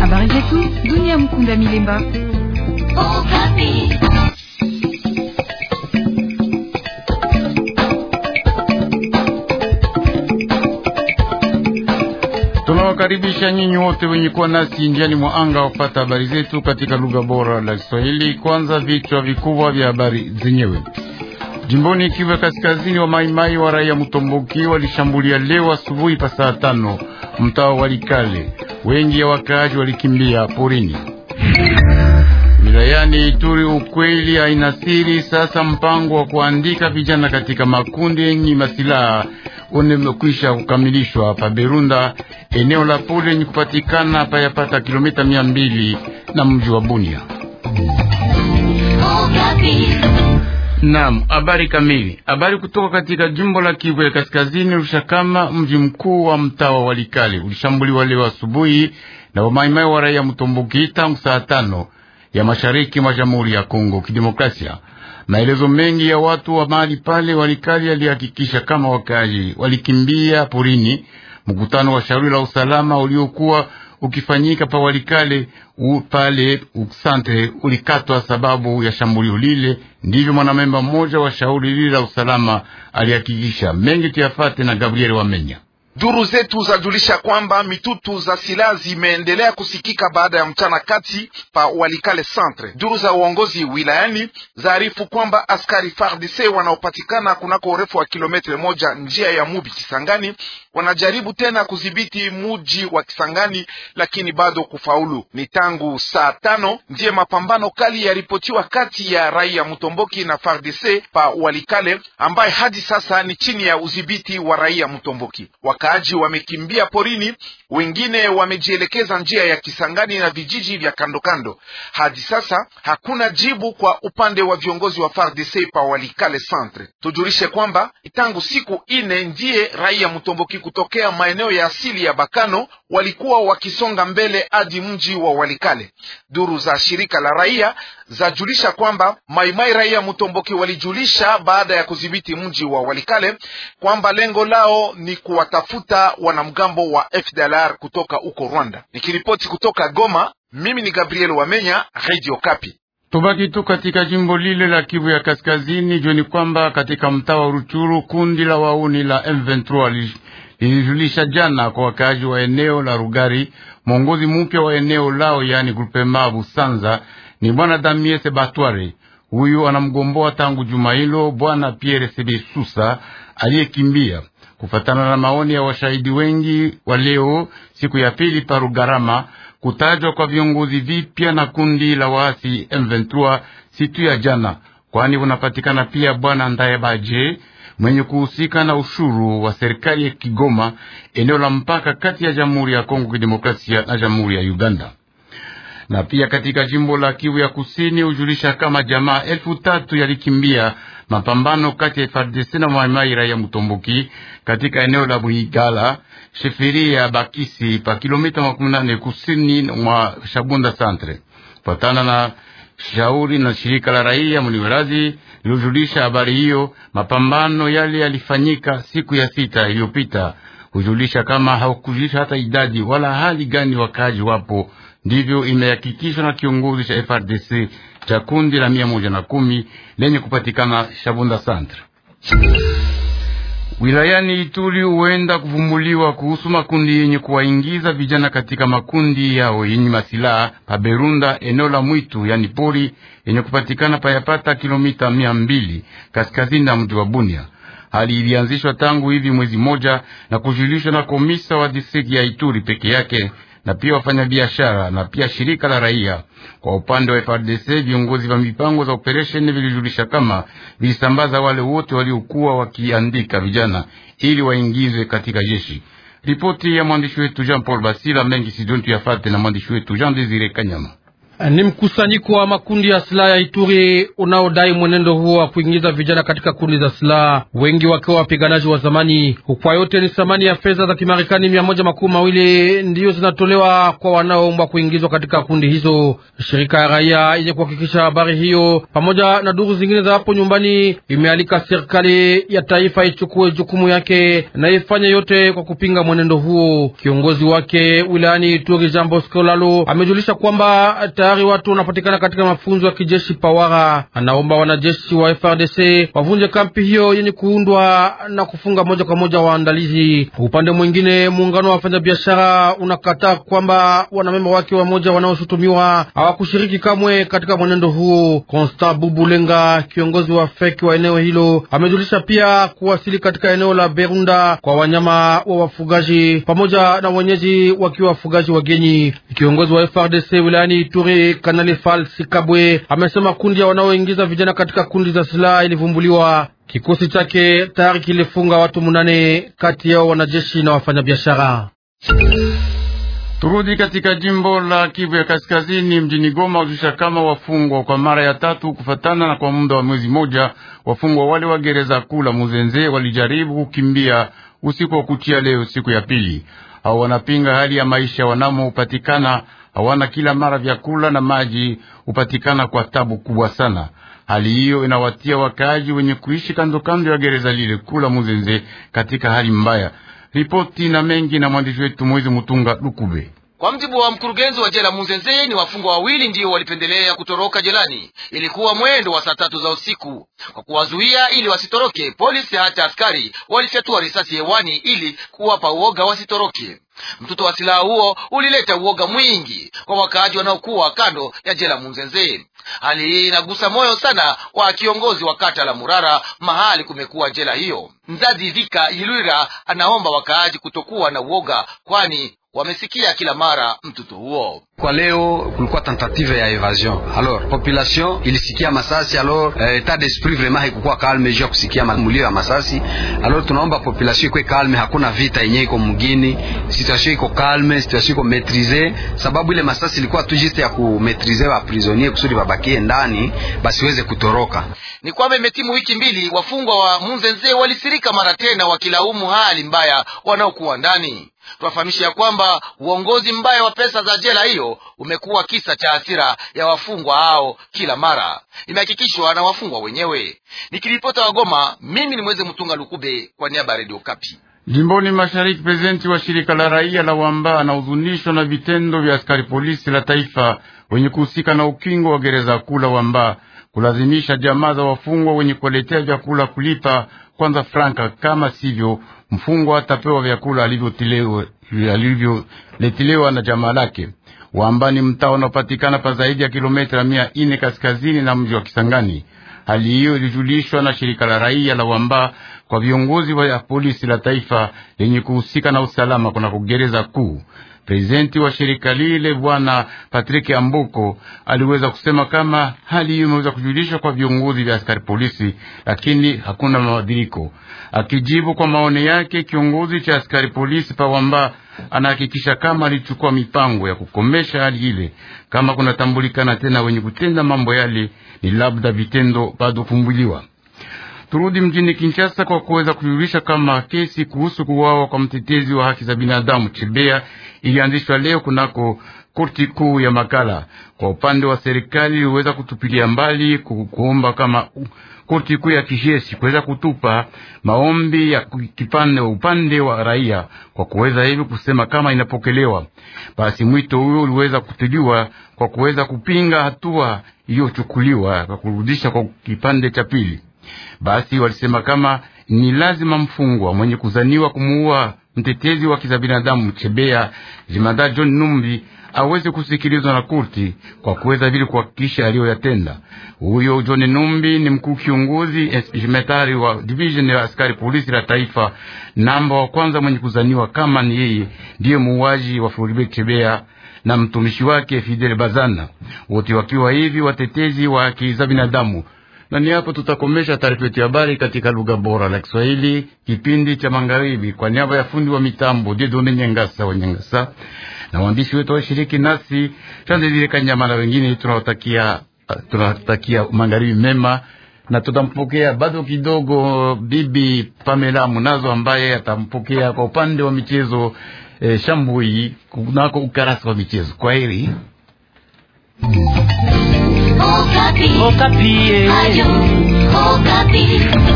Habari zetu dunia. Mkunda Milemba. Tunawakaribisha nyinyi wote wenye kuwa nasi njiani mwa anga wapata habari zetu katika lugha bora la Kiswahili. Kwanza vichwa vikubwa vya habari zenyewe. Jimboni Kivu Kaskazini, wa maimai wa raia Mutomboki walishambulia leo asubuhi pa saa tano mtaa Walikale. Wengi ya wakaaji walikimbia porini. Wilayani Ituri, ukweli haina siri. Sasa mpango wa kuandika vijana katika makundi yenye masilaha umekwisha kukamilishwa pa Berunda, eneo la pole lenye kupatikana payapata kilomita mia mbili na mji wa Bunia. Oh, Naam, habari kamili. Habari kutoka katika jimbo la Kivu ya Kaskazini, Rushakama, mji mkuu wa mtawa Walikale, ulishambuliwa leo asubuhi na wamaimai wa raia Mtomboki tangu saa tano ya mashariki mwa Jamhuri ya Kongo Kidemokrasia. Maelezo mengi ya watu wa mahali pale Walikali yalihakikisha kama wakaji walikimbia porini. Mkutano wa shauri la usalama uliokuwa ukifanyika pawalikale pale usantre ulikatwa sababu ya shambulio lile. Ndivyo mwanamemba mmoja wa shauri lile la usalama alihakikisha. Mengi tuyafate na Gabriel Wamenya. Duru zetu zajulisha kwamba mitutu za silaha zimeendelea kusikika baada ya mchana kati pa Walikale Centre. Duru za uongozi wilayani zaarifu kwamba askari FARDC wanaopatikana kunako urefu wa kilometre moja njia ya Mubi Kisangani wanajaribu tena kudhibiti muji wa Kisangani, lakini bado kufaulu. Ni tangu saa tano ndiye mapambano kali yaripotiwa kati ya raia Mutomboki na FARDC pa Walikale ambaye hadi sasa ni chini ya udhibiti wa raia Mutomboki Waka wakaaji wamekimbia porini, wengine wamejielekeza njia ya Kisangani na vijiji vya kandokando. Hadi sasa hakuna jibu kwa upande wa viongozi wa FARDC pa Walikale Centre. Tujulishe kwamba tangu siku ine ndiye raia Mtomboki kutokea maeneo ya asili ya Bakano walikuwa wakisonga mbele hadi mji wa Walikale. Duru za shirika la raia zajulisha kwamba maimai raia Mtomboki walijulisha baada ya kudhibiti mji wa Walikale kwamba lengo lao ni kuwatafuta kutafuta wanamgambo wa FDLR kutoka uko Rwanda. Nikiripoti kutoka Goma, mimi ni Gabriel Wamenya, Radio Kapi. Tubaki tu katika jimbo lile la Kivu ya Kaskazini, jueni kwamba katika mtaa wa Ruchuru kundi la wauni la M23 lilijulisha jana kwa wakaaji wa eneo la Rugari mwongozi mpya wa eneo lao, yaani Grupema Busanza ni bwana Damie Sebatware. Huyu anamgomboa tangu juma hilo bwana Pierre Sebesusa aliyekimbia Kufatana na maoni ya washahidi wengi wa leo, siku ya pili Parugarama, kutajwa kwa viongozi vipya na kundi la waasi M23 situ ya jana, kwani unapatikana pia bwana Ndayebaje mwenye kuhusika na ushuru wa serikali ya Kigoma, eneo la mpaka kati ya Jamhuri ya Kongo Kidemokrasia na Jamhuri ya Uganda na pia katika jimbo la Kivu ya Kusini hujulisha kama jamaa elfu tatu yalikimbia mapambano kati ya FARDC na Maimai raia Mutomboki katika eneo la Buigala sheferi ya Bakisi pa kilomita makumi nane kusini mwa Shabunda Centre, patana na shauri na shirika la raia Mniwerazi lilojulisha habari hiyo. Mapambano yale yalifanyika siku ya sita iliyopita, hujulisha kama haukujulisha hata idadi wala hali gani wakaji wapo ndivyo imehakikishwa na kiongozi cha FRDC cha kundi la mia moja na kumi lenye kupatikana Shabunda Centre wilayani Ituri huenda kuvumbuliwa kuhusu makundi yenye kuwaingiza vijana katika makundi yao yenye masilaha Paberunda, eneo la mwitu yani pori yenye kupatikana payapata kilomita mia mbili kaskazini na mji wa Bunia. Hali ilianzishwa tangu hivi mwezi moja na kujulishwa na komisa wa distrikti ya Ituri peke yake na pia wafanyabiashara na pia shirika la raia. Kwa upande wa frdc viongozi wa mipango za operesheni vilijulisha kama vilisambaza wale wote waliokuwa wakiandika vijana ili waingizwe katika jeshi. Ripoti ya mwandishi wetu Jean Paul Basila mengi sidontu yafate na mwandishi wetu Jean Desire Kanyama. Eh, ni mkusanyiko wa makundi ya silaha ya Ituri unaodai mwenendo huo wa kuingiza vijana katika kundi za silaha, wengi wakiwa wapiganaji wa zamani. Kwa yote ni thamani ya fedha za Kimarekani mia moja makumi mawili ndiyo zinatolewa kwa wanaoombwa kuingizwa katika kundi hizo. Shirika ya raia yenye kuhakikisha habari hiyo pamoja na duru zingine za hapo nyumbani imealika serikali ya taifa ichukue jukumu yake na ifanye yote kwa kupinga mwenendo huo. Kiongozi wake wilayani Ituri Jean Bosco Lalo amejulisha kwamba tayari watu wanapatikana katika mafunzo ya kijeshi Pawara. Anaomba wanajeshi wa FRDC wavunje kampi hiyo yenye kuundwa na kufunga moja kwa moja waandalizi. Upande mwingine, muungano wa wafanyabiashara unakataa kwamba wanamemba wake wamoja wanaoshutumiwa hawakushiriki kamwe katika mwenendo huo. Constant Bubulenga, kiongozi wa feki wa eneo hilo, amejulisha pia kuwasili katika eneo la Berunda kwa wanyama wa wafugaji pamoja na wenyeji wakiwa wafugaji wagenyi. Kiongozi wa FRDC wilayani Ituri Kanali Falsi Kabwe amesema kundi ya wanaoingiza vijana katika kundi za silaha ilivumbuliwa. Kikosi chake tayari kilifunga watu munane, kati yao wanajeshi na wafanyabiashara. Turudi katika jimbo la Kivu ya Kaskazini, mjini Goma, hujusha kama wafungwa kwa mara ya tatu kufatana na kwa muda wa mwezi moja, wafungwa wale wa gereza kuu la Muzenze walijaribu kukimbia usiku wa kuchia leo, siku ya pili. au wanapinga hali ya maisha wanamopatikana hawana kila mara vyakula na maji hupatikana kwa tabu kubwa sana. Hali hiyo inawatia wakaaji wenye kuishi kando kando ya gereza lile kula Muzenze katika hali mbaya. Ripoti na mengi na mwandishi wetu Mwezi Mutunga Lukube. Kwa mjibu wa mkurugenzi wa jela Munzenze, ni wafungwa wawili ndio walipendelea kutoroka jelani. Ilikuwa mwendo wa saa tatu za usiku. Kwa kuwazuia ili wasitoroke, polisi hata askari walifyatua risasi hewani ili kuwapa uoga wasitoroke. Mtoto wa silaha huo ulileta uoga mwingi kwa wakaaji wanaokuwa kando ya jela Munzenze. Hali hii inagusa moyo sana wa kiongozi wa kata la Murara mahali kumekuwa jela hiyo. Mzazi Vika ilwira anaomba wakaaji kutokuwa na uoga, kwani wamesikia kila mara mtuto huo. Kwa leo kulikuwa tentative ya evasion, alors population ilisikia masasi, alors etat eh, d'esprit vraiment haikukuwa kalme juu ya kusikia mulio ya masasi. Alors tunaomba population ikwe kalme, hakuna vita yenye iko mgini, situation iko kalme, situation iko maitrise, sababu ile masasi ilikuwa tu juste ya kumaitrise wa prisonnier kusudi babakie ndani basiweze kutoroka. Ni kwamba imetimu wiki mbili, wafungwa wa Munzenze walisirika mara tena wakilaumu hali mbaya wanaokuwa ndani twafahamisha ya kwamba uongozi mbaya wa pesa za jela hiyo umekuwa kisa cha hasira ya wafungwa hao kila mara, imehakikishwa na wafungwa wenyewe. Nikiripota Wagoma, mimi ni Mweze Mtunga Lukube kwa niaba ya Redio Kapi. Jimboni mashariki, prezidenti wa shirika la raia la Wamba anahuzunishwa na vitendo vya askari polisi la taifa wenye kuhusika na ukingo wa gereza kuu la Wamba kulazimisha jamaa za wafungwa wenye kuwaletea vyakula kulipa kwanza franka, kama sivyo mfungwa atapewa vyakula alivyoletelewa na jamaa lake. Wamba ni mtaa unaopatikana pa zaidi ya kilometra mia ine kaskazini na mji wa Kisangani. Hali hiyo ilijulishwa na shirika la raia la Wamba kwa viongozi wa polisi la taifa lenye kuhusika na usalama kuna kugereza kuu. Prezidenti wa shirika lile bwana Patrick Ambuko aliweza kusema kama hali hiyo imeweza kujulishwa kwa viongozi vya askari polisi, lakini hakuna mabadiliko. Akijibu kwa maoni yake, kiongozi cha askari polisi Pawamba anahakikisha kama alichukua mipango ya kukomesha hali ile. Kama kunatambulikana tena wenye kutenda mambo yale, ni labda vitendo bado kuvumbuliwa. Turudi mjini Kinshasa kwa kuweza kujulisha kama kesi kuhusu kuwawa kwa mtetezi wa haki za binadamu Chebea ilianzishwa leo kunako korti kuu ya Makala. Kwa upande wa serikali iliweza kutupilia mbali kuomba kama korti kuu ya kijeshi kuweza kutupa maombi ya kipande wa upande wa raia kwa kuweza hivi kusema kama inapokelewa. Basi mwito huyo uliweza kutuliwa kwa kuweza kupinga hatua iliyochukuliwa kwa kurudisha kwa kipande cha pili. Basi walisema kama ni lazima mfungwa mwenye kuzaniwa kumuua mtetezi wa kiza binadamu Chebea Jimada John Numbi aweze kusikilizwa na kurti kwa kuweza vile kuhakikisha aliyoyatenda. Huyo John Numbi ni mkuu kiongozi inspektari wa division ya askari polisi la taifa namba wa kwanza mwenye kuzaniwa kama ni yeye ndiye muuaji wa Floribert Chebea na mtumishi wake Fidel Bazana, wote wakiwa hivi watetezi wa haki za binadamu na ni hapo tutakomesha taarifa yetu ya habari katika lugha bora la Kiswahili, kipindi cha magharibi, kwa niaba ya fundi wa mitambo Dieudonne Nyangasa wa Nyangasa na waandishi wetu washiriki nasi Shandilile Kanyama na wengine, tunawatakia tunawatakia magharibi mema na tutampokea bado kidogo bibi Pamela Munazo ambaye atampokea kwa upande wa michezo eh, shambui kunako ukarasa wa michezo. Kwa mm. Okapi. Okapi. Eh.